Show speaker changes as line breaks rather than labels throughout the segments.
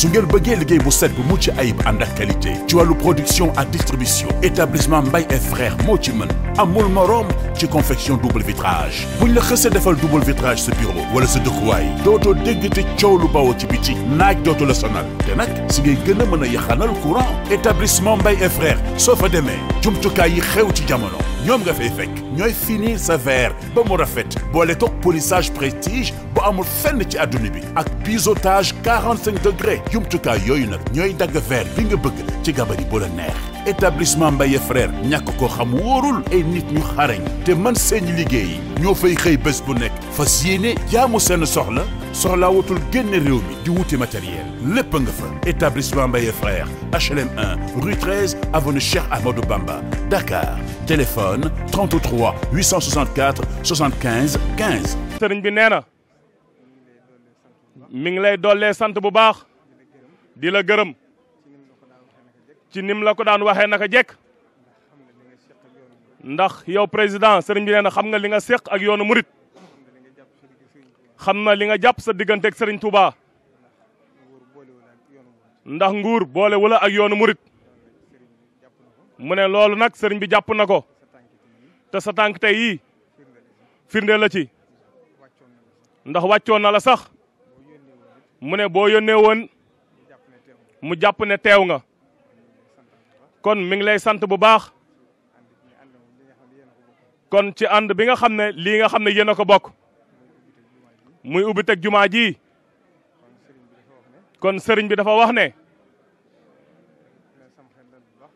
su ngeen bëggee liggéey bu set bu mucc ayib ànd ak qualité ci wàllu production ak distribution établissement Mbaye et frères moo ci mën amul morom ci confection double vitrage buñ la xësee defal double vitrage sa bureau wala sa dëkkuwaay dootoo dégg te coow lu bawoo ci biti naaj dootu la sonal te nag si ngay gën a mën a yaxanal courant établissement Mbaye et frères soo fa demee jumtukaay yi xew ci jamono ñoom nga fay fekk ñooy finir sa verre ba mu rafet boole toog polissage prestige bu amul fenn ci adduna bi ak biseautage 45 degré jumtukaay yooyu nag ñooy dagg verre bi nga bëgg ci gabari bu la neex établissement Mbaye frère ñàkk ko xam wóorul ay nit ñu xarañ te man seeni liggéey ñoo fay xëy bés bu nekk fa yéene jaamu seen soxla soxlaa wutul génn réew mi di wuti matériel lépp nga fa établissement Mbaye frère HLM 1 rue 13 avenue Cheikh Amadou Bamba Dakar téléphone 33 864 75 15.
sëriñ bi nee na mi ngi lay dollee sant bu baax di la gërëm. ci nim la ko daan waxee naka jekk ndax yow président sëriñ bi nee na xam nga li nga séq ak yoonu murit xam na li nga jàpp sa diggante ak sëriñ Touba ndax nguur boole wala ak yoonu murit mu ne loolu nag sëriñ bi jàpp na ko te sa tànk tey yii firnde la ci ndax wàccoon na la sax mu ne boo yónnee woon mu jàpp ne teew nga kon mi ngi lay sant bu baax kon ci ànd bi nga xam ne lii nga xam ne yéen a ko bokk muy ubbi teg jumaa ji kon sëriñ bi dafa wax ne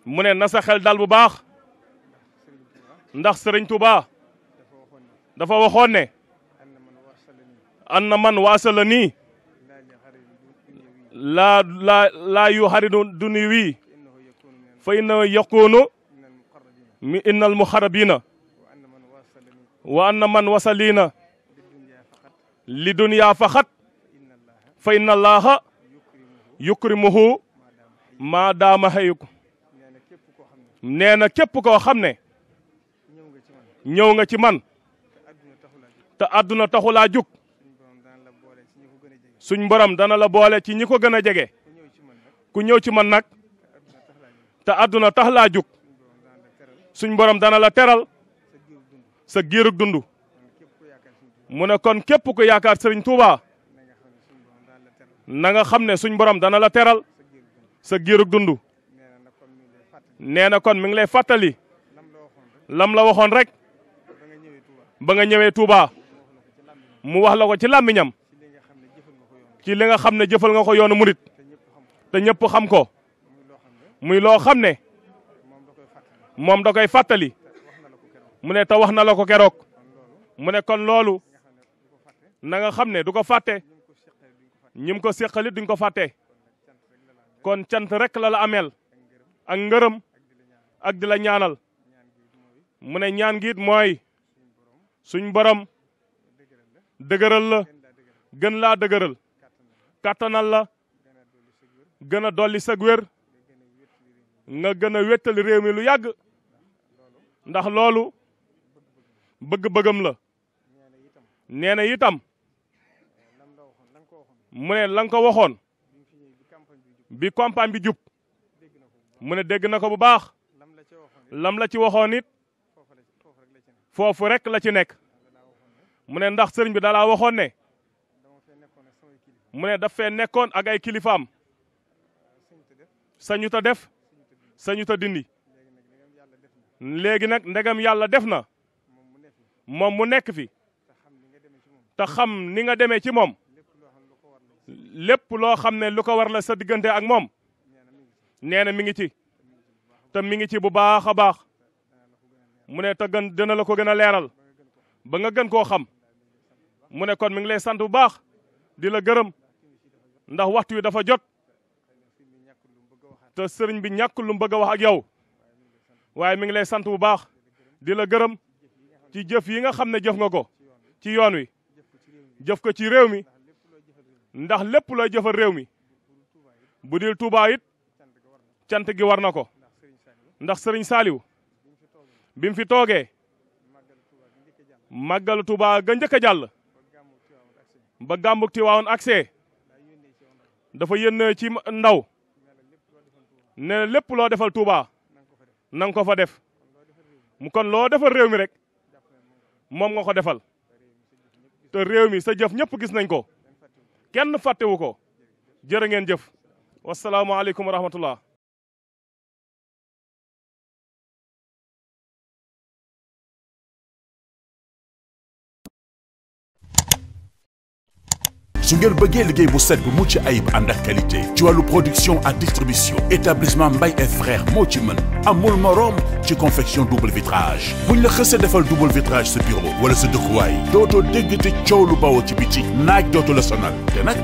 mu ne na sa xel dal bu baax ndax sëriñ Tuuba dafa waxoon ne an na man waasala nii laa laa laa yu fa inna yakunu mi innal muxarabina wa anna man wasalina li dunya faxat fa inna allaha yukrimuhu maa daama xayuku nee na képp koo xam ne ñëw nga ci man te àdduna taxu laa jug suñ borom dana la boole ci ñi ko gën a jege ku ñëw ci man nag te àdduna tax laa jóg suñ borom dana la teral sa giirug dund mu ne kon képp ku yaakaar sëriñ Tuuba na nga xam ne suñ borom dana la teral sa giirug dund nee na kon mi ngi lay fàttali lam la waxoon rek ba nga ñëwee Tuuba mu wax la ko ci làmmiñam ci li nga xam ne jëfal nga ko yoonu murit ñëpp xam ko muy loo xam ne moom da koy fàttali mu ne te wax na la ko keroog mu ne kon loolu na nga xam ne du ko fàtte ñim ko séqalit duñ ko fàtte kon cant rek la la ameel ak ngërëm ak di la ñaanal mu ne ñaan giit mooy suñ borom dëgëral gën laa dëgëral kàttanal gën a dolli sag nga gën a wéttali réew mi lu yàgg ndax loolu bëgg-bëggam la nee na itam mu ne la nga ko waxoon bi campagne bi jub mu ne dégg na ko bu baax lam la ci waxoon it foofu rek la ci nekk mu ne ndax sëriñ bi dalaa waxoon ne mu ne daf fee nekkoon ak ay kilifaam sañu ta def sañu ta dindi léegi nag ndegam yàlla def na moom mu nekk fi te xam ni nga demee ci moom lépp loo xam ne lu ko war la sa diggante ak moom nee na mi ngi ci te mi ngi ci bu baax a baax mu ne te gën dina la ko gën a leeral ba nga gën koo xam mu ne kon mi ngi lay sant bu baax di la gërëm ndax waxtu wi dafa jot te sëriñ bi ñàkk lu mu bëgg a wax ak yow waaye mi ngi lay sant bu baax di la gërëm ci jëf yi nga xam ne jëf nga ko ci yoon wi jëf ko ci réew mi ndax lépp looy jëfal réew mi bu dil Tuubaa it cant gi war na ko ndax sëriñ Saaliw bi mu fi toogee màggalu Tuubaa ga njëkk a jàll ba gàmbug Tiwaawoon agsee dafa yénn ci ndaw ne lépp loo defal Touba na nga ko fa def mu kon loo defal réew mi rek moom nga ko defal te réew mi sa jëf ñëpp gis nañ ko kenn fàttewu ko jërë ngeen jëf wasalaamualeykum wa rahmatullah su ngeen bëggee liggéey bu set bu mucc ayib ànd ak qualité ci wàllu production ak distribution
établissement bay et frères moo ci mën amul morom ci confection double vitrage buñ la xësee defal double vitrage sa bureau wala sa dëkkuwaay dootoo dégg ti coow lu bawoo ci biti naaj dootu la sonal te nag